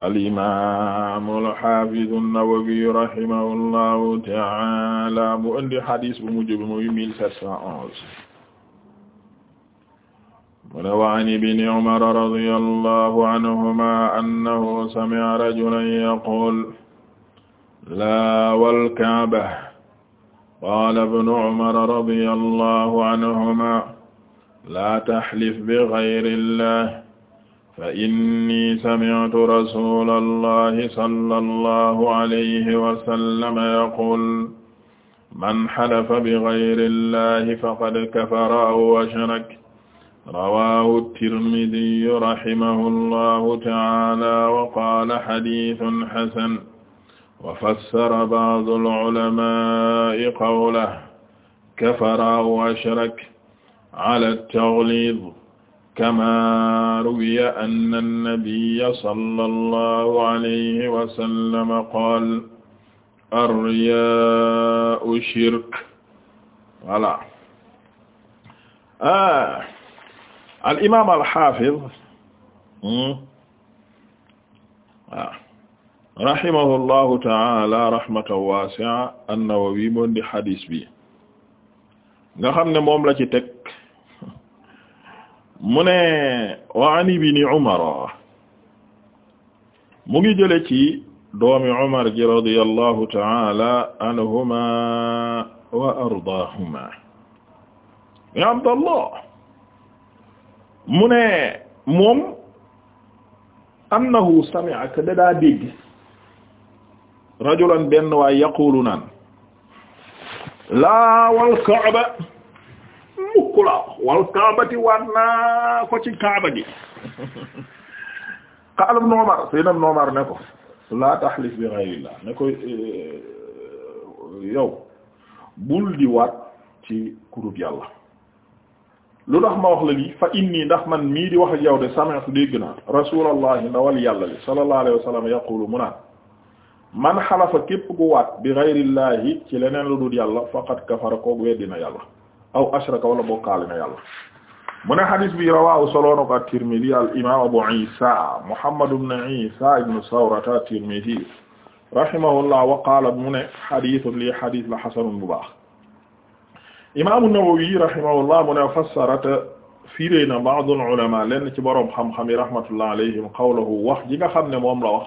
alimamu alxafidu annawawiyu rahimahu llahu taala mu indi xadis bu mujj bi muy mille sept cent onze mu ne wa an ibni umara radiya allahu anhuma annahu sami'a rajulan yaqul laa walkaaba qaala ibnu umara radiya allahu anhuma laa taxlif bi gayri llah fa inni sami'tu rasulallahi sallallahu alayhi wa sallam yaqul man halafa bighayri llahi faqad kafara aw ashraka rawahu tirmidiyu rahimahullahu ta'ala wa qala hadithun hasan wa fassara ba'du al-ulama'i qawlahu kafara aw ashraka ala at-taghlib kama ruwiya anna annabiyya sallallahu alayhi wa sallam qaala ar-riyaa'u shirk voilà ah al imaam al haafiz rahimahullahu ta'aala rahmatan waasi'a an-Nawawi moo di hadiis bi nga xam ne moom la ci teg mu ne wa an ibni Umar mu ngi jële ci doomi Umar ji radiyallahu ta'ala anhuma wa ardaahuma ya Abdallah mu ne moom annahu sami'a ka dadaa dégg rajulan benn waay yaqulu naan laa wal ka'ba mukk la wal kaabati waat naa ko ci kaaba gi xaalum noomar sëy noomar ne ko la taxlif bi ghayrillah ne ko eh, yow bul di waat ci kurub yàlla lu tax ma wax la lii fa inni ndax man mii di wax ak yow de sami'tu dégg naa rasulallahi ndawal yàlla li sallallahu alayhi wa sallam yaqulu mu naan man xalafa képp gu waat bi ghayrillahi ci leneen lu dul yàlla faqad kafara koog weddina yàlla aw ashraka wala bokkaale na yàlla mu ne xadis bi rawaahu soloona ko at-Tirmidhi al imam Abu Isa Muhammad ibn Isa ibn Sawrata at-Tirmidhi rahimahullah wa qaala mu ne xadisun lii xadis la xasanun bu baax imam an-Nawawi rahimahullah mu ne fassarata firée na ba'd al-ulama lenn ci boroom xam-xam yi rahmatullah alayhim qawluhu wax ji nga xam ne moom la wax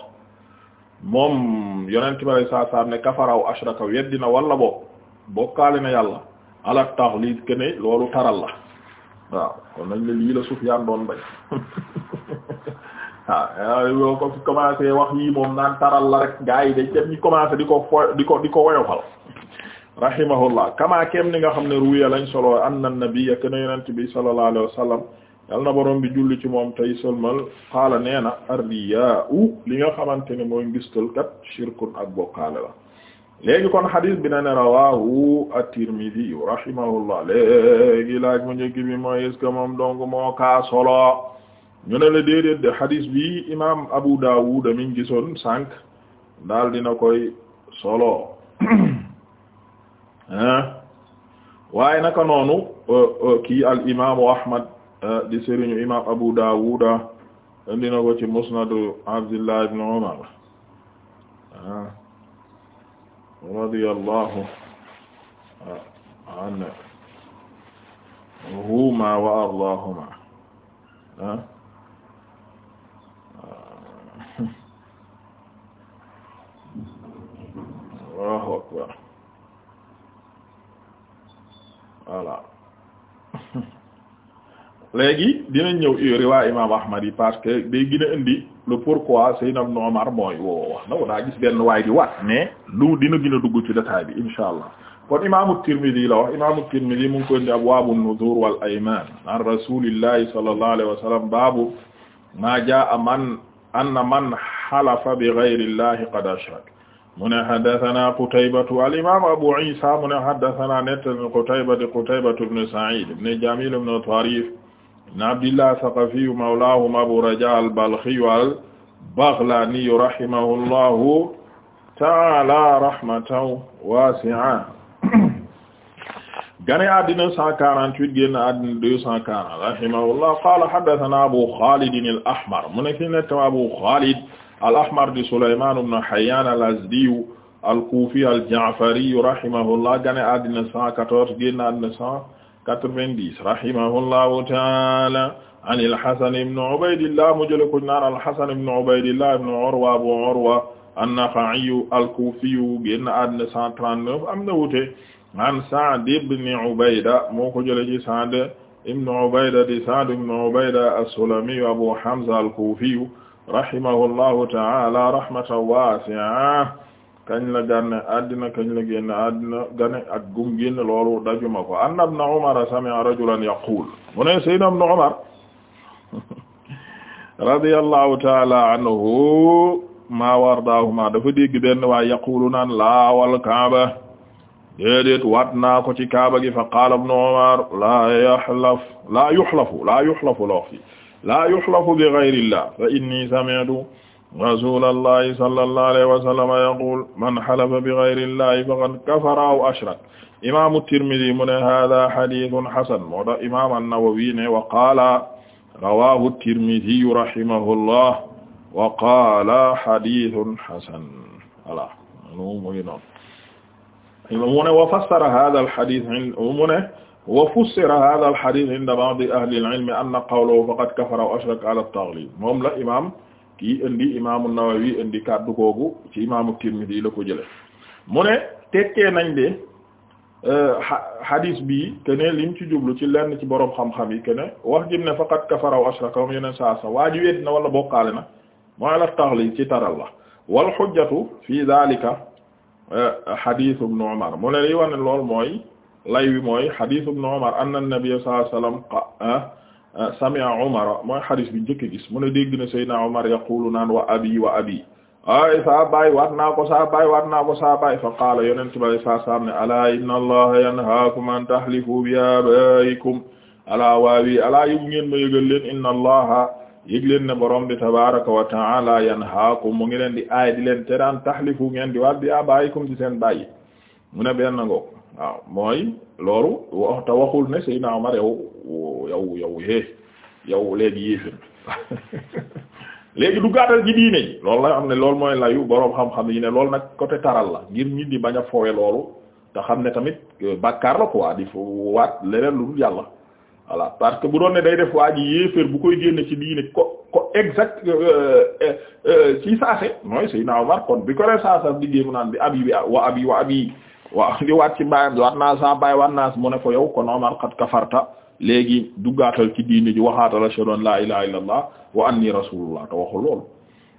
moom yonent bi alayhi salaam ne kafara aw ashraka weddina wala bo bokkaale na yàlla ala lii kene loolu taral la waaw kon nañ la lii la Sufyaan doon bañ ah, waaw yoo ko commencé wax yii moom naan taral la rek gaa yi dañ ñi commencé di ko di ko di ko woyofal rahimahullah kama kem ni nga xam ne ruya lañ solo anna nabiyya kene yonent bi sallallahu alayhi wa sallam yal na borom bi julli ci moom tey sëlmal xaala nee na arriyaa u li nga xamante ne mooy ngistal kat shirkun ak bokkaale la léegi kon xadis bi na ne rawahu at-Tirmidhi rahimahullah léegi laaj mu njëkk bi mooy est-ce moom donc moo kaa solo ñu ne la déedéet de xadis bi imam Abu Dawud miñ gisoon sànq daal dina koy solo waaye naka noonu euh, euh, kii al imaamu Ahmad euh, di sëriñu imam Abu Dawud dina ko ci musnadu Abdullah ibn Umar radiyallahu anhuma wa ardaahuma Allahu akbar voilà léegi dinañ ñëw riwaa imam ahmad yi parce que day gën a indi le pourquoi Seydina Ibn Omar mooy woo wax na ko daa gis benn waay di waat mais lu dina gën a dugg ci détail bi insha allah kon imaamu Tirmidi la wax imaamu Tirmidi mu ngi koy indi abwaabu nuzuur wal aymaan an rasuulillahi sallallahu alayhi wa sallam baabu maa jaa'a man anna man halafa bi ghayri llahi qad ashrak mu ne haddasanaa Qutaybatu al imaam Abu Iisa mu ne haddasanaa nettan Qutaybatu Qutaybatu ibn Sa'iid ibn Jamiil ibn Tariif ibn abdillah saqafiyu mawlaahum abu raja albalxiyu albaxlaaniyu rahimahullahu taala rahmatan waasi'a gane àddina 148 génn àddina 240 rahimahullah qaala haddasanaa abu xaalid al-ahmar mu nekk net abu xaalid al-ahmar di sulaymaan ibn hayyaan al-azdiyu al-kuufi al-ja'fariyu rahimahullah gane àddina 114 génn àddina 90 rahimahullahu taala an al-Hasan ibn Ubaydillah mu jële ko naan al-Hasan ibn Ubaydillah ibn Urwa Abu Urwa an-Nakha'i al-Kufi génn àddina 139 am na wuute an Sa'd ibn Ubayda moo ko jële ci Sa'd ibn Ubayda di Sa'd ibn Ubayda as-Sulami Abu Hamza al-Kufi rahimahullahu taala rahmatan wasi'a kañ la ganne addina kañ la génn addina gane ak gum génn loolu dajuma ko anna ibn Umar sami'a rajulan yaqul mu ne sayyidna ibn Umar radiyallahu ta'ala anhu ma wardaahuma dafa dégg benn waay yaqulu naan laawal kaaba déedéet waat naa ko ci kaaba gi fa qaala ibn Umar laa yuhlaf laa yuhlafu laa yuhlafu loo fi laa yuhlafu bi ghayrillah fa inni sami'tu rasulallahi sallallahu alayhi wa sallam yaqul man halafa bi ghayri llahi faqad kafara aw ashrak imaamu Tirmidi mu ne haaza hadiisun hasan moo tax imaam an-Nawawi ne wa qaala rawaahu Tirmidi rahimahullah wa qaala hadiisun hasan voilà mu ngi noonu mu ne wa fassara haazal hadiis mu ne wa fassara haazal hadiis inda ba'di ahlil ilmi anna qawlahu faqad kafara aw ashraka ala at-taghliib moom la imaam ki indi imaamu Nawawi indi kàddu googu ci imaamu Tirmidhi la ko jële mu ne tekkee nañ de euh, hadis bi que ne lim ci jublu ci lenn ci borom xam-xam yi que wax jëm ne faqat kafara wa ashraka moom yeneen saa sa waa na wala bokkaale na mooy la taxli ci taral wal xujjatu fi daalika euh, hadith ibn Umar mu ne wane lool mooy lay wi mooy hadith ibn Umar anna an-nabiy sallallahu Ah, sami'a Umar mooy xadis bi ne dégg na Seydina naan wa abi wa abi ay saa baay waat ko saa baay waat ko saa baay fa qaala yonent bi saa saam ne alaa inna allaha yanhaakum an tahlifu bi abaa'ikum alaa waawi alaa yëgu ngeen ma yëgal leen inna allaha yëg ne borom bi tabaaraka wa ta'aala yanhaakum mu ngi leen di aay di leen tere an tahlifu ngeen di waat bi abaa'ikum di seen baay mu ne benn ngoog waaw mooy loolu wax waxul ne Seydina Umar yow yow yow eh yow léegi yéefir léegi du gàttal ci diine ji loolu la am ne loolu mooy layu boroom xam-xam yi ne loolu nag côté taral la ngir nit di bañ a foowe loolu te xam ne tamit euh, bàkkaar la quoi di waat leneen lu dul yàlla voilà parce que bu doon ne day def waa ji bu koy génne ci diine ko ko exact euh, euh, ci saase mooy suy naaw war kon bi ko rek saasar di géemu naan bi ab yi wa ab yi wa ab yi wa di waat ci baayam waat naa saa baay waat naa mu ne ko yow kon Omar léegi duggaatal ci diini ji waxaatal la an laa ilaha illa allah wa anni rasulullah te loolu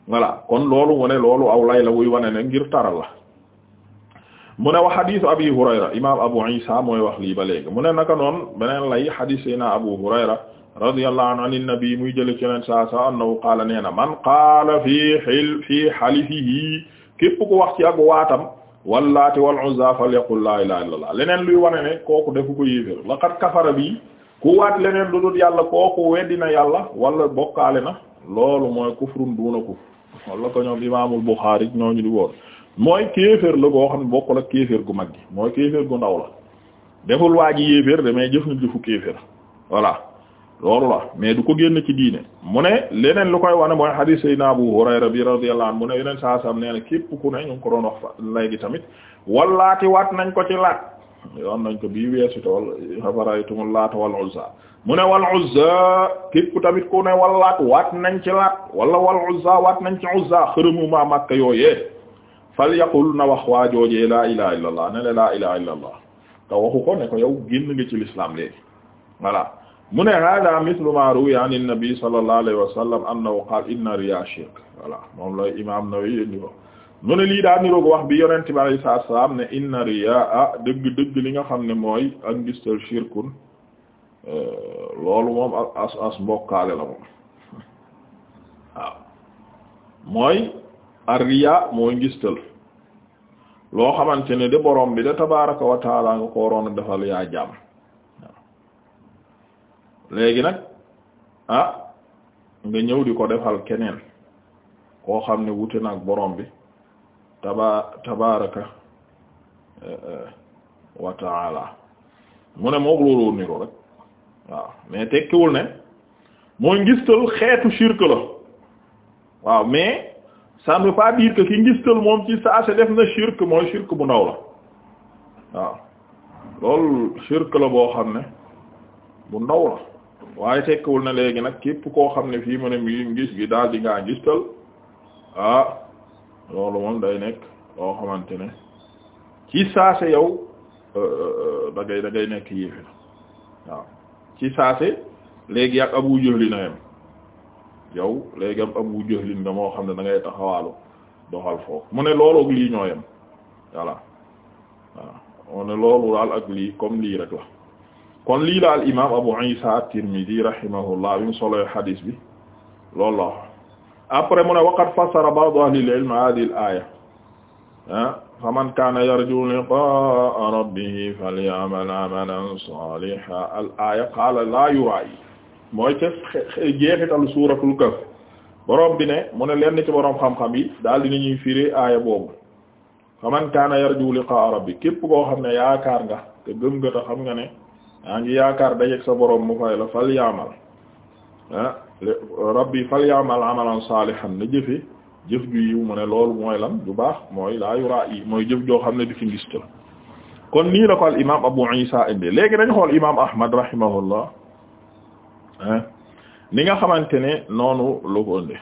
voilà kon loolu mu loolu aw lay wuy wane ne ngir taral la mu ne wax xadisu abi hurayra imam abu isa mooy wax lii ba léegi mu ne naka noon beneen lay xadis yi naa abu hurayra radiyallahu anhu an nabi muy jële ci yonent saa sa annahu nee na man qaala fii xil fii ku wax ci ak waatam wallaati wal uzza falyaqul laa ilaaha illallaah leneen wane ne kooku defu ko yéefér laqad kafara bi ku waat leneen lu dul yàlla kooku weddina yàlla wala bokkaale na loolu mooy kufrun duuna kufr wala ko ñoom imaamul Buxaari ñooñu di woon mooy kéeféer la goo xam ne bokkul ak kéeféer gu mag gi mooy kéeféer gu ndaw la deful waa ji yéeféer damay jëf na jëfu kéeféer voilà loolu la mais du ko génn ci diine mu ne leneen lu koy wane mooy hadith Seydina Abu Hurayra bi radiyallahu anhu mu ne yeneen saa sam na képp ku ne ñu ngi ko doon wax fa léegi tamit wallaati waat yoon nañ ko bii weesu te wal afaraytumul laata wal uzza mu ne wal uzza képp tamit ku ne wal laat waat nañ ci laat wala wal uzza waat nañ ci uzza xërëmu ma makka yooyee fal yaqul na wax waa joojee laa ilaha illa allah ne la laa ilaha illa allah te waxu ko ne ko yow génn nga ci l'islam léegi voilà mu ne hada mithlu ma ruwiya an nabi sallallahu alayhi wa sallam annahu qaala inna riya shirk voilà moom lay imam Nawawi yéndi ko mu ne lii daa niroog wax bi yonent bi alayhi salaatu salaam ne inna riyaa dëgg dëgg li nga xam ne mooy ak ngistal shirkun euh, loolu moom as as la moom mooy ar-riyaa mooy ngistal loo xamante ne de borom bi de tabaaraka wa nga ko roon a defal yaa jaam waaw léegi nag ah nga ñëw di ko defal keneen koo xam ne wute na ak bi taba tabaraka eh, eh, wa mu ne moo looloo niroo rek waaw mais tekkiwul ne mooy ngistal xeetu shirk la waaw mais ça ne veut pas dire que ki ngistal moom ci saa si def na shirk mooy shirk bu ndaw la waaw loolu shirk la boo xam ne bu ndaw la waaye tekkiwul ne léegi nag képp koo xam ne fii mu ne mi ngis gi daal di ngaa ngistal ah loolu moom day nekk loo xamante ne ci saase yow euh, euh, da ngay da nekk yéefér waaw ci saase léegi ak abu jëxli na léegi am abu jëxlin nga moo xam ne da ngay taxawaalu doxal foofu mu ne loolu ak lii ñoo yem voilà waaw mu ne loolu daal ak lii comme lii rek la kon lii la al imam abu isa at-tirmidhi rahimahullah bi mu soloy xadiis bi loolu la après mu ne waqad fassara ba'du ahli al-ilm ah, fa man kana yarju liqa'a rabbih falyamal amalan salihan al-aya qala la yura'i mooy ca jeexital suuratul Kahf borom bi ne mu ne leen ci borom xam-xam yi daal dina ñuy firi aaya boobu fa man kana yarju liqa'a rabbi képp koo xam ne yaakaar nga te gëm nga xam nga ne ngi yaakaar dajeek sa borom mu fay la falyamal ah rabbi falyamal amalan salihan na jëfe jëf ju yiw mu ne loolu mooy lan du baax mooy laa yuraa yi mooy jëf joo xam ne du ci ngis kon nii la ko al imam Abu Isa indi léegi dañ xool imam Ahmad rahimahullah ni nga xamante ne noonu lu ko ënde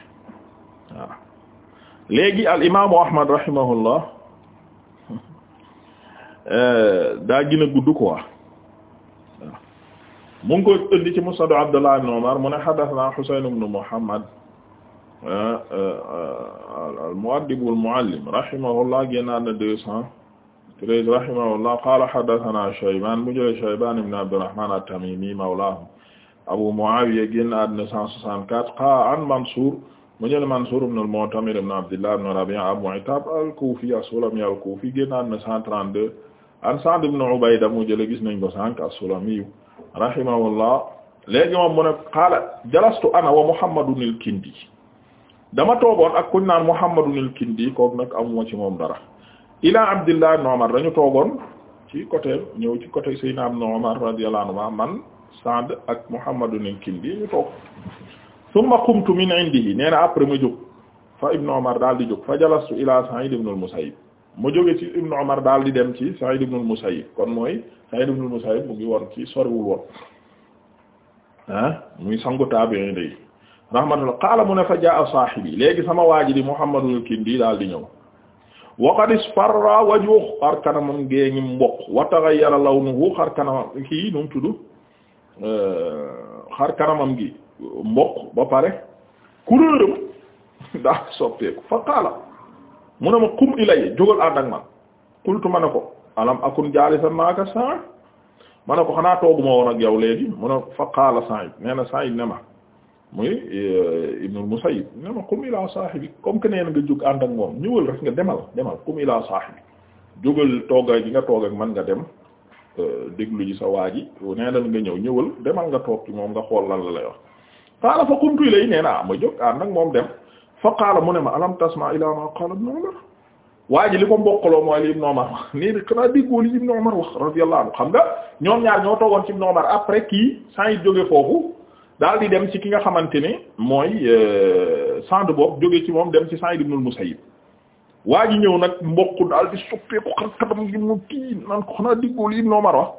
léegi al imaamu Ahmad rahimahullah eh, daa gën a gudd quoi mu ngi koy indi ci musnadu Abdullah ibn Umar mu ne hadathana Husayn ibn Muhammad ah, ah, ah, al-mu'addib wal-mu'allim rahimahullah génnaat na deux cent treize rahimahullah qala hadathana Shayban mu jële Shayban ibn Abdurrahman at-Tamimi mawlahum Abu Muawiya génnaat na cent soixante-quatre qala an Mansur mu jële Mansur ibn al-Mu'tamir ibn Abdillah ibn Rabi'a Abu Attab al-Kufi as-Sulami al-Kufi génnaat na cent trente-deux an Sa'd ibn Ubayda mu jële gis nañ ko sànq as-Sulami rahimahullah léegi moom mu ne qaala jalastu ana wa Muhammadun al dama toogoon ak kuñ naan Muhammadun al-Kindi kooku nag amuma ci moom dara ila Abdillah ibn Umar dañu toogoon ci côté ñëw ci côté Seydina ibn Umar radiyallahu man Sa'd ak Muhammadun al-Kindi ñu toog thumma qumtu min indihi nee na ma jóg fa ibn Umar daal di jóg fa jalastu ila Sa'id ibn al-Musayyib mu jóge ci Ibn Umar daal di dem ci Sa'id ibn al-Musayyib kon mooy Sa'id ibn al mu ngi woon ci soriwul woon ah muy sangu taabi'iin yi rahmatullah qaala mu ne fa jaa saahibi léegi sama waaji di Muhammadul Kindi daal di ñëw wa qad isfarra wajhuhu xar kanamam gée ngi mboq wa taghayyara lawnuhu xar kanamam kii nu mu tudd xar kanamam gi mboq ba pare couleuram daa soppeeku fa qaala mu ne ma qum ilay jógal ànd ak man qultu ma ne ko alam akun jaalisan maaka saa ma ne ko xanaa tooguma woon ak yow léegi mu ne fa qaala Sa'id nee na Sa'id ne ma muy eh, Ibnul Musayyib ne ma qum ilaa saahibi comme que nee na nga jóg ànd ak moom ñëwal rek nga demal demal qum ilaa saahibi jógal toogaay gi nga toog ak man nga dem eh, déglu yi sa waa ji nee nga ñëw ñëwal demal nga toog ci moom nga xool lan la lay wax qaala fa qumtu ilay nee na ah, ma jóg ànd ak moom dem. fa qaala mu ne ma alam tasma ila ma qaala ibn Umar waa ji li ko mbokkaloo mooy li ibn Umar wax nii rek xanaa déggoo li ibn Umar wax radiyallahu anhu xam nga ñoom ñaar ñoo toogoon ci ibn Umar après kii Sa'id jóge foofu daal di dem ci ki nga xamante ne mooy euh, Sa'd boobu jóge ci moom dem ci Sa'id ibn al-Musayyib waa ji ñëw nag mbokk daal di soppeeku xar katam gi mu kii naan ko xanaa déggoo li ibn Umar wax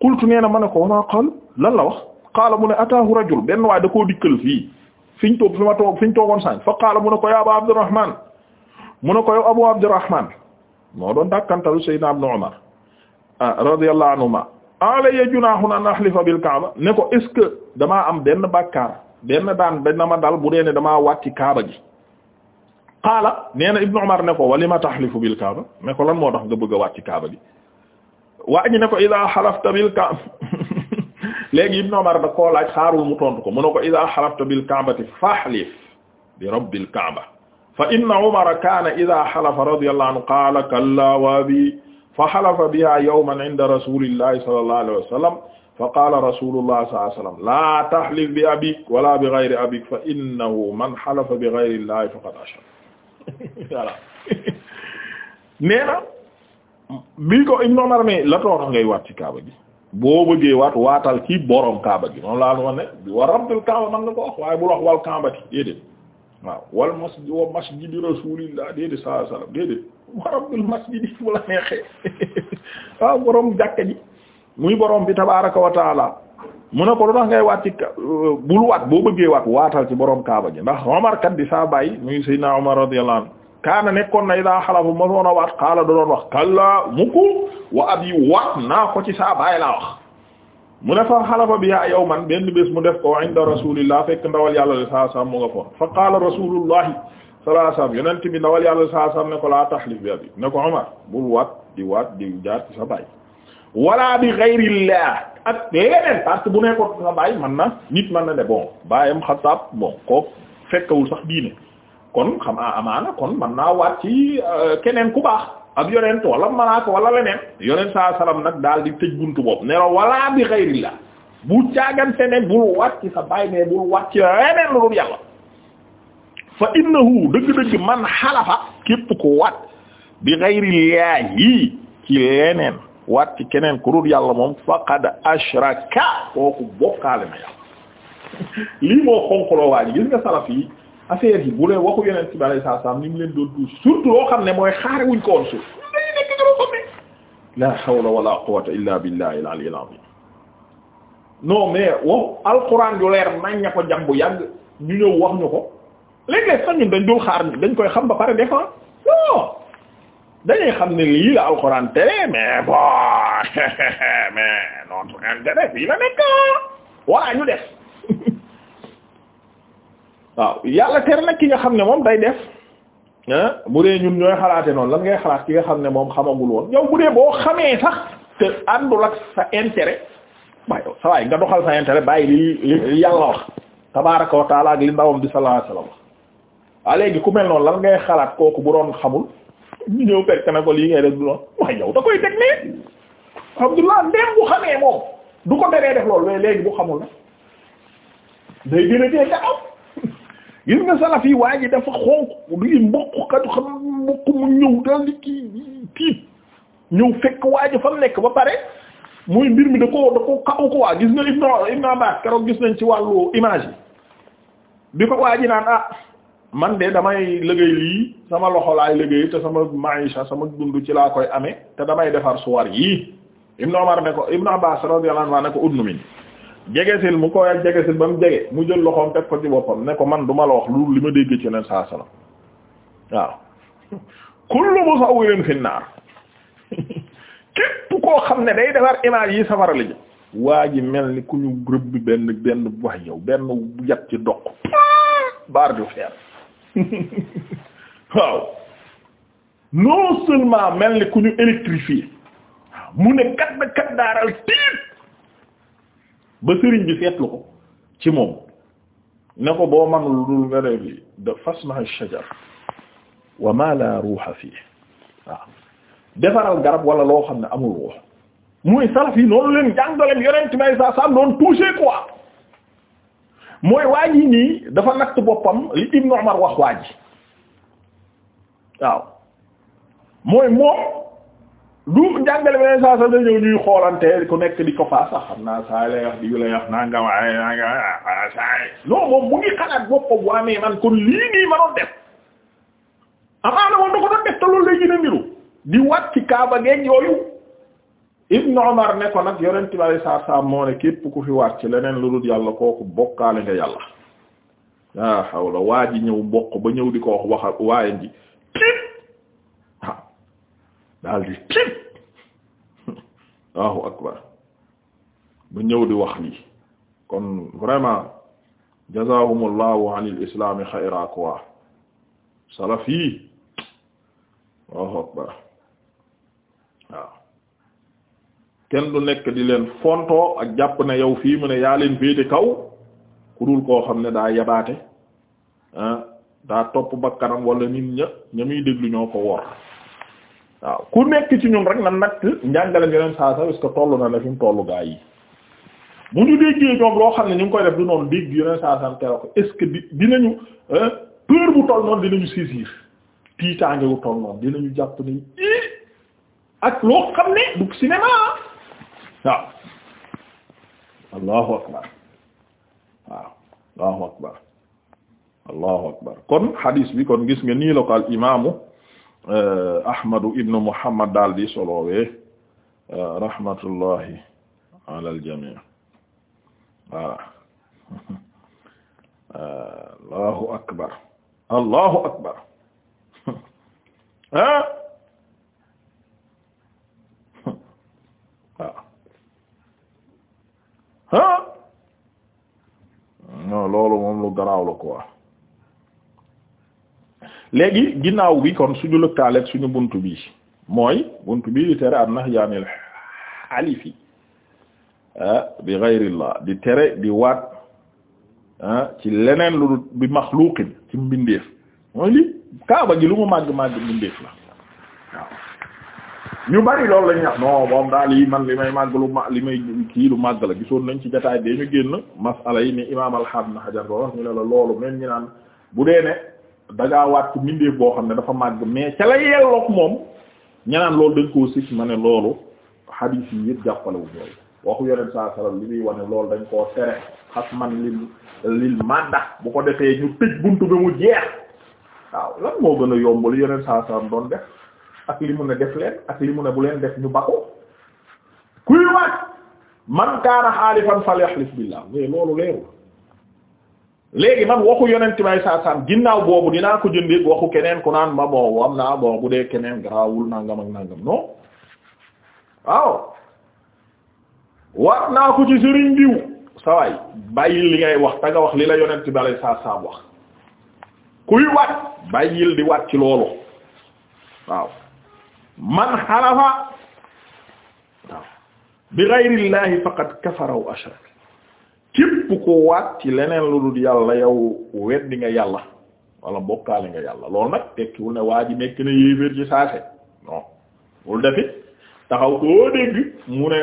qultu nee ma ne ko wama qaal lan la wax qaala mu ne ataahu benn waaye da fi toog fi ma toog fi ñu toogoon sànq fa qaala mu ne ko ya Aba Abdurrahman mu ne ko yow Abu Abdurrahman moo doon dàkkantalu Seydina Ibn Umar ah, radiyallahu anhuma alayya junaahun an ahlifa bil Kaaba ne ko est damaa am benn bakkaar benn daan dana ma dal bu dee damaa wàcc Kaaba gi. qaala nee na Ibn Umar ne ko wa lima tahlifu bil Kaaba ne ko lan moo tax nga bëgg a wàcc Kaaba gi waa ne ko idaa halafta bil Kaaba léegi Ibn Umar da koo laaj xaarul mu tontu ko mu ne ko idaa xalafta bil kaabati faxlif bi rabbil kaaba fa inna Umara kaana idaa xalafa radiyallahu anhu qaala kallaa wa bi fa xalafa bihaa yawman inda rasuulillahi sallallahu alayhi wa sallam fa qaala rasuulullahi sallallahu alayhi wa sallam laa taxlif bi abik wala bi gayri abik fa innahu man xalafa bi gayrillahi faqad ashrak nee na bii ko Ibn Umar ne la toora ngay waat ci kaaba gi boo bëggee waat waatal ci borom kaaba gi moom laa wax ne wa rabbil kaaba man nga ko wax waaye bul wax wal kaabati déedéet waaw wal masjid wa masjidi rasulillah déedéet sa sallam déedéet wa rabbil masjidi fu la waaw borom jàkka muy borom bi tabaaraka wa taala mu ne ko lu tax ngay waat ci euh, bul waat boo bëggee waat waatal ci borom kaaba gi ndax Omar kat di saa bàyyi muy Seydina Omar radiyallahu anhu kaana nekkoon na idaa xalafu masoon a waat xaala da doon wax kalla mukku wa ab yi waat ko ci saa bàyyi laa mu ne fa xalafa biha yawman benn bés mu def ko inda rasulillah fekk ndawal yàlla le saa sam mu nga foon fa qaala rasulullahi sallallahu alayhi wasallam yonent bi ndawal yàlla le saa sam ne ko laa taxlif bi abi ne ko Umar bul waat di waat di jaar ci sa baay wala bi ghayrillah ak leneen parce que bu nekkoon sa baay man na nit man na ne bon baayam Xattaab bon kooku fekkawul sax diine kon xam a amaana kon man naa waat ci euh, keneen ku baax ab yonent wala malaaka wala leneen yonent saa salaam nag daal di tëj buntu boobu ne la wala bi xayrillah bu caagante ne bul waat ci sa baay mais bul waat ci leneen lu dul yàlla fa innahu dëgg-dëgg man xalafa képp ku waat bi xayrillahi ci leneen waat keneen ku dul yàlla moom faqad ashraka kooku bokkaale na yàlla lii moo xonqloo waa ji gis nga salaf affaire yi bu leen waxu yeneen ci bari saa saam ni mu leen doon tuuti surtout loo xam ne mooy xaare wuñ ko woon suuf dañu nekk nga loo xam ne la hawla wala quwwata illa billahi al-ali al-azim non mais waxu alquran yu leer nañ ña ko jam bu yàgg ñu ñëw koy xam ba pare des fois tere fii la nekk voilà ñu def waaw yàlla tere nag ki nga xam ne moom day def bu dee ñun ñooy xalaate noonu lan ngay xalaat ki nga xam ne moom xamagul woon yow bu dee boo xamee sax te àndul ak sa intérêt waaye sa waay nga doxal sa intérêt bàyyi li li yàlla wax tabaaraka wa taala ak li ndawam bi sallallahu alayhi wasallam waa léegi ku mel noonu lan ngay xalaat kooku bu doon xamul ñu ñëw fekk na ko lii ngay def du doon waaye yow da koy teg ne alhamdulilah ndéem bu xamee moom du ko teree def loolu mais léegi bu xamul nag day gën a dee nga am gis nga salaf yi fa mu nekk ba pare muy mbir mi gis nga gis nañ ci wàllu image yi bi ko waa naan ah man de damay liggéey lii sama loxo laay liggéey te sama maisha sama dund ci laa koy amee te damay defar suwar yii Ibn Omar ne ko Ibn Abbas radiyallahu anhu ne ko udnu min jegesil mu koy ak jegesil ba mu jege mu jël loxoom teg ko ci boppam ne ko man duma la wax lu li ma dégg ci neen saa salaam waaw kullu musawwirin fi naar képp koo xam ne day defar image yi safara la ji waa ji mel ni ku ñu rëbb benn benn wax yow benn yat ci doq barre de fer waaw non seulement mel ni ku ñu électrifié mu ne kat kat daaral tii ba sëriñ bi seetlu ko ci moom ne ko boo manul lu dul nga def li da fasna shajar wa ma la ruuxa fii waaw defaral garab wala loo xam ne amul ruux mooy salaf yi noonu leen jàngaleem yonent may sa sam noonu touché quoi mooy waa yi nii dafa natt boppam li Ibnu Umar wax waa ji waaw mooy moom du njàngale bi saa saa dañoo ñuy xoolante ku nekk di ko faa sax xam naa saa lay wax di lay wax naa nga waaye naa nga waaye ah ah saa moom mu ngi xalaat boppam waa mais man kon lii nii ma doon def amaana moom da ko doon def te lay gën di wat ci kaaba geeg yooyu Ibn Umar ne ko nag yonent bi alayhi salaatu salaam moo ne képp ku fi waat ci leneen lu dul yàlla kooku bokkaale nga yàlla. waaw xaw la waa ji ñëw bokk ba ñëw di ko wax waaye ji. daal di tiit waaw akbar ba ñëw di wax lii kon vraiment jazaahumullahu anil islami xayra quoi salaf akbar waaw kenn du nekk di leen fontoo ak jàpp na yow fii mu ne yaa leen féete kaw ku dul xam ne daa yabaate ah, daa topp bakkanam wala nit ña ña muy déglu ñoo waaw ku nekk ci ñun rek na natt njàngale yeneen saa saa est-ce que toll na la mu tollu gaa yi bu ñu déggee ñoom loo xam ne ñu ngi koy def du noonu dégg yeneen saa saa teew ko est-ce que di dinañu peur bu toll noonu dinañu saisir tiitaange bu toll noonu dinañu jàpp ne ak loo xam ne du cinéma allahu akbar waaw allahu akbar allahu akbar kon hadis bi kon gis nga nii la ko al imaamu Eh, ahmadu ibnu muhammad daal di solowee eh, rahmatullahi ala aljami voilà eh, allahu akbar allahu akbar ah ah non loolu moom lu garaaw la quoi léegi ginnaaw bi kon suñu lëkkaaleeg suñu bunt bi mooy bunt bi di tere an nahyaanil halifi ah, bi ghayrillah di tere di waat ah, ci leneen lu bi maxluuqin ci mbindeef mooy li kaaba gi lu mu màgg màgg mbindeef la waaw ñu bari loolu lañuy wax non moom daal yi man li may màgg lu ma li may kii lu màgg la gisoon nañ ci jotaay bi ñu génn masala yi ni imaam al-Hafiz Ibn Hajar wax ñu ne la loolu même ñu naan bu dee ne dangaa waat ci boo xam ne dafa màgg mais ca la yelloog moom ñanaan loolu dañ koo sit ma ne loolu hadith yi yëpp jàppalewu loolu waxu yonent saa sallam li muy wane loolu dañ koo tere xas man lil lil manda bu ko defee ñu tëj buntu bi mu jeex waaw lan moo gën a yombal yonent saa sallam doon def ak li mu ne def leen ak li mu ne bu leen def ñu bako kuy waat man kaana xaalifan falyaxlif billah mais loolu leerul léegi man waxu yonent bay saa saam ginnaaw boobu dinaa ko jëndi waxu keneen ku naan ma bon am naa bon bu dee keneen garaawul nangam ak nangam non waaw war naa ko ci sëriñ diw sawaay bàyyil li ngay wax ta nga wax li la yonent balay saa wax kuy wat bàyyil di wat ci loolu waaw man xalafa bi ghayri llahi faqad wa ashrak képp ko waat ci leneen lu dul yàlla yow weddi nga yàlla wala bokkaale nga yàlla lool nag tekkiwul ne waa ji nekk na yéeféer ci saase non bul defit taxaw koo dégg mu ne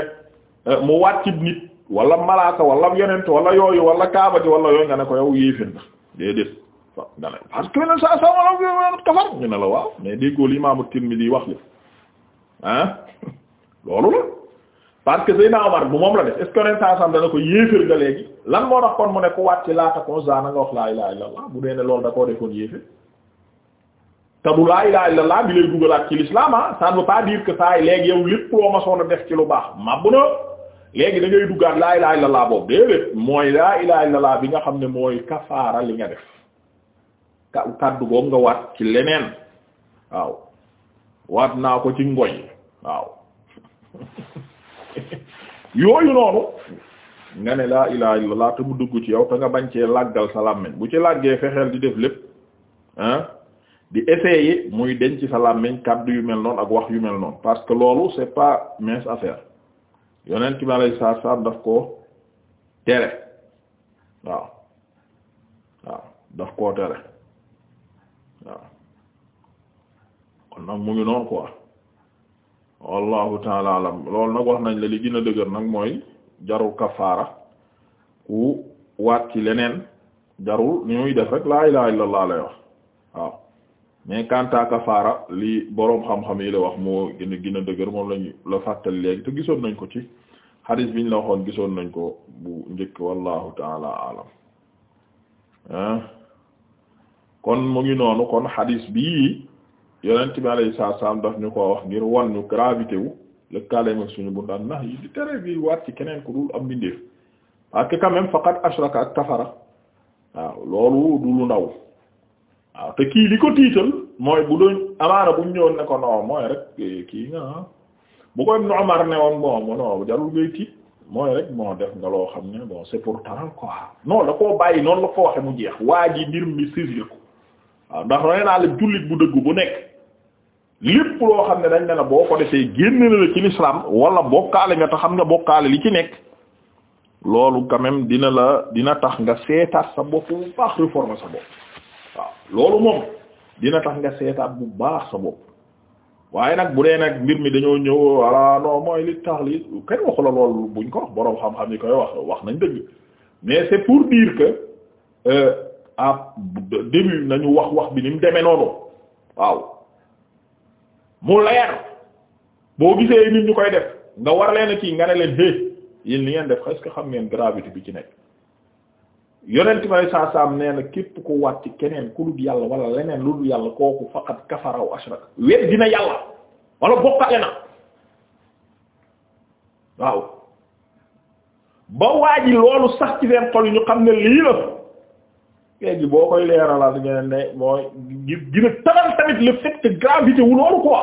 eh, mu waat ci nit wala malaaka wala yonent wala yooyu wala kaaba gi wala yooyu nga ne ko yow yéeféer nga déedéet nga ne parce que yeneen saa saa wala ne la waaw mais déggoo li imaamu Tirmidhi wax li ah loolu la parce que Seydina Omar bu moom la def est ce dana ko yéeféer ga léegi lan moo tax kon mu ne ku waat ci laata ko zaana nga wax laa ilaaha illallaah bu dee ne loolu da koo defoon yéeféer te du laa ilaaha illallaah bi lay dugalaat ci l'islam ah ça ne veut pas dire que saa yi léegi yow lépp loo ma soon a def ci lu baax màbb na léegi da ngay duggaat laa ilaaha illallaah boobu déedéet mooy laa ilaaha illallaah bi nga xam ne mooy kafaara li nga def ka kaddu boobu nga waat ci leneen naa ko ci yooyu noonu nga ne laa ilaha illallah te mu dugg ci yow te nga bañ cee làggal sa làmmiñ bu ci làggee fexeel di def lépp ah di essayer muy denc sa làmmiñ kàddu yu mel noonu ak wax yu mel noonu parce que loolu c'est pas mince affaire yonent bi alayhi salaatu salaam daf koo tere waaw waaw daf koo tere waaw kon nag mu ngi noonu quoi wallahu taala alam loolu nag wax nañ la li gën a dëgër nag mooy jarul kafaara ku waat ci leneen jarul ni muy def rek laa ilaha illallah lay wax waaw mais kanta kafaara li boroom xam-xam yi la wax moo gina a dëgër moom lañ la fàttali léegi te gisoon nañ ko ci xadis biñ la waxoon gisoon nañ ko bu njëkk wallahu taala alam kon mu ngi noonu kon xadis bii yonent bi alayhi salaam daf ñu ko wax ngir wan ñu gravité wu le kàllaama ak suñu buntaan ndax yi di tere bi waat ci keneen ku dul am mbindeef parce que quand même ashraka ak kafara waaw loolu du ndaw waaw te kii li ko tiital mooy bu doon amaana bu ñëwoon ne ko non mooy rek eh, kii nga ah. bu ko Ibn Umar ne woon bon non jarul ngay tiit mooy rek bon def nga loo xam ne bon c'est pour temps quoi non da koo bàyyi noonu la ko waxe mu jeex waa ji mbir bu dëgg lépp loo xam ne dañ ne la boo ko defee génn na la ci l'islam wala bokkaale nga tax xam nga bokkaale li ci nekk loolu quand dina la dina tax nga seetaat sa bopp bu baax réformer sa bopp waaw loolu moom dina tax nga seetaat bu baax sa bopp waaye nag bu dee nag mbir mi dañoo ñëw wala non mooy li tax li kenn waxu la loolu buñ ko wax boroom xam-xam yi koy wax wax nañ dëgg mais c'est pour dire que euh, à nañu wax wax bi ni mu demee noonu waaw mu leer boo gisee nit ñu koy def nga war leen kii nga ne leen hé yéen li ngeen def est-ce xam ngeen gravité bi ci nekk yonent may saa saam nee na képp ku wat ci keneen ku dul yàlla wala leneen lu dul yàlla kooku faqat kafaraw ashrak wet dina yàlla wala bokkale na waaw ba waa ji loolu sax ci seen xol ñu xam ne lii la léegi boo koy leeralal ngeen ne mooy gina tagal tamit le fait que gravité wu loolu quoi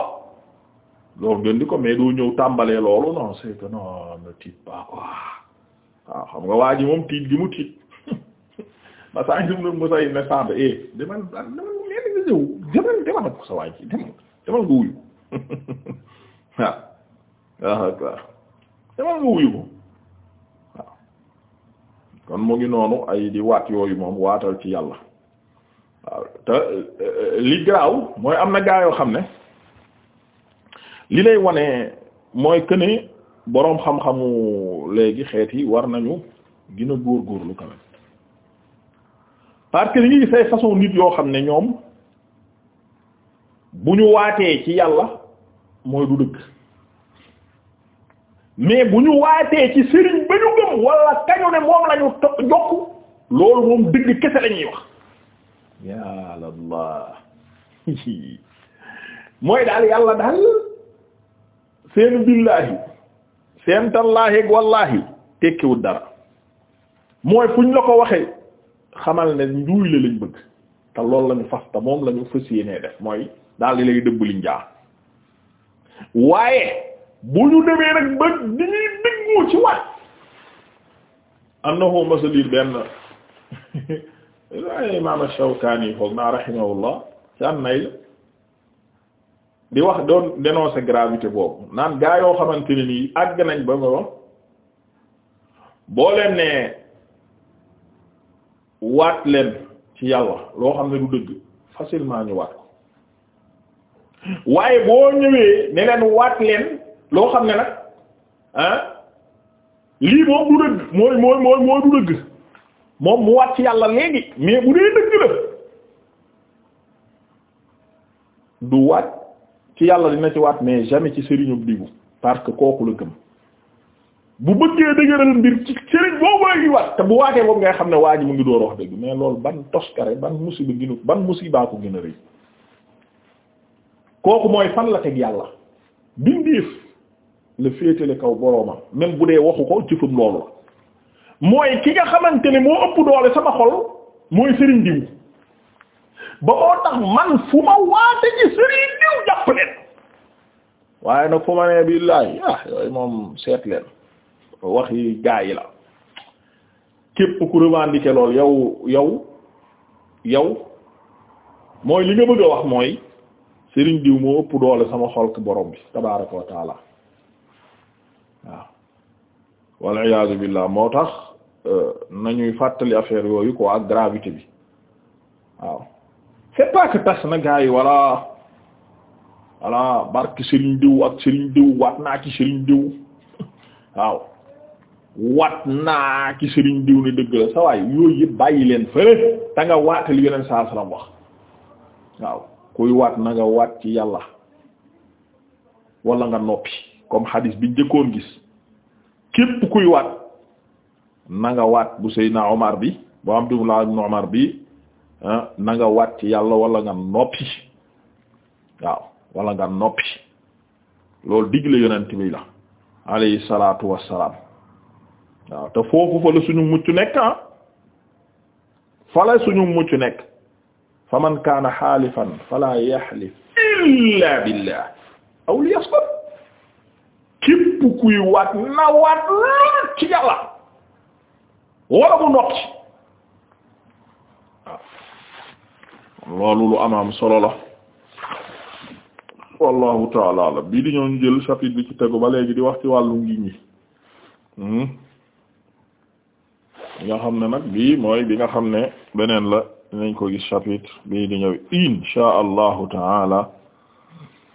loolu ngeen di ko mais doo ñëw loolu non c'est que non ne tiit pas quoi waaw xam nga waa ji moom tiit gi mu tiit masaay dum doon mosayi ne sent e demal demal leen gisew demal demal ak sa waay ci demal demal nga wuyu waaw waaw demal nga wuyu kon mu ngi noonu ay di waat yooyu moom waatal ci yàlla waaw te eh, eh, li garaaw mooy am na gaa yoo xam ne li lay wane mooy këne boroom xam-xamu léegi xeet yi war nañu gën a góorgóorlu quand même parce li ngi gis façon nit yoo xam ne ñoom bu ñu waatee ci yàlla mooy du dëgg mais bu ñu waatee ci sëriñ ba ñu gëm wala kañu ne moom la ñu to jokk loolu moom dëgg kese la ñuy wax yàlla allah mooy daal yàlla daal seen billaahi seen tallaahi ak wallaahi tekkiwul dara mooy fu ñu la ko waxee xamal ne njuuy la lañ bëgg te lool la ñu moom lañu ñu fas yéenee def mooy daal di lay dëbb liñ jaar waaye bu ñu demee nag ba di ñuy dëggoo ci waat am na xoo liir benn waaye imaam Shawkaani foog naa rahimahullah ci an nay di wax doon dénoncer gravité boobu naan gaa yoo xamante ne nii àgg nañ ba ba boo leen ne waat leen ci yàlla loo xam ne du dëgg facilement ñu waat ko waaye boo ñëwee ne leen waat leen loo xam ne nag ah lii moom du dëgg mooy mooy mooy du dëgg moom mu wàcc yàlla léegi mais bu dee dëgg la du waat ci yàlla dina ci waat mais jamais ci sëriñu dibu parce que kooku la gëm bu bëggee dëgëral mbir ci sëriñ boobu la bu waatee boobu ngay xam ne waa ji mu ngi door wax dëgg mais loolu ban toskare ban musiba ginu ban musiba ko gën a rëy kooku mooy fan la teg yàlla bindeef la féetale kaw boroomam même bu dee waxu ko jëfam loolu la mooy ki nga xamante ne moo ëpp doole sama xol mooy sëriñ diw ba moo tax man fu ma waate ci sëriñ diw jàpp leen waaye nag fu ma nee billaay ah yooyu moom seet leen wax yi gaa la képp ku revendiquer lool yow yow yow mooy li nga bëgg a wax mooy sëriñ diw moo ëpp doole sama xol ki borom bi tabaaraka wa waaw wal iyaadu billah moo tax euh, nañuy fàttali affaire yooyu ko ak gravité bi waaw c'est tas na gars yi walla walla barke Serigne diw ak Serigne diw waat naa ci Serigne waaw waat naa ci Serigne diw ne dëgg la sa yooyu yëpp bàyyi leen fële ta nga waatali yeneen saa waaw kuy waat na nga waat ci yàlla wala nga noppi comme xadis bi jëkkoon gis képp kuy waat na nga waat bu Seydina Omar bi bu Abdullah ibn Omar bi ah, nanga nga waat ci yàlla wala nga noppi waaw wala nga noppi loolu digle yonent bi la alayhi salaatu wassalaam waaw te foofu fa la suñu mucc nekk ah. fa la suñu mucc nekk fa man kaana xaalifan fala yaxlif illa billah aw liyasqut képp kuy waat na waat lool ci yàlla wala bu ndox ci waaw lu amaam solo la wallahu taala la bii di ñëw ñu jël chapitre bi ci tegu ba léegi di wax ci wàllu ngi ñi hmm? nga xam ne nag bii mooy bi nga xam ne beneen la dinañ ko gis chapitre bii di ñëw insha allahu taala